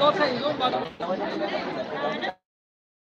刚才有吗？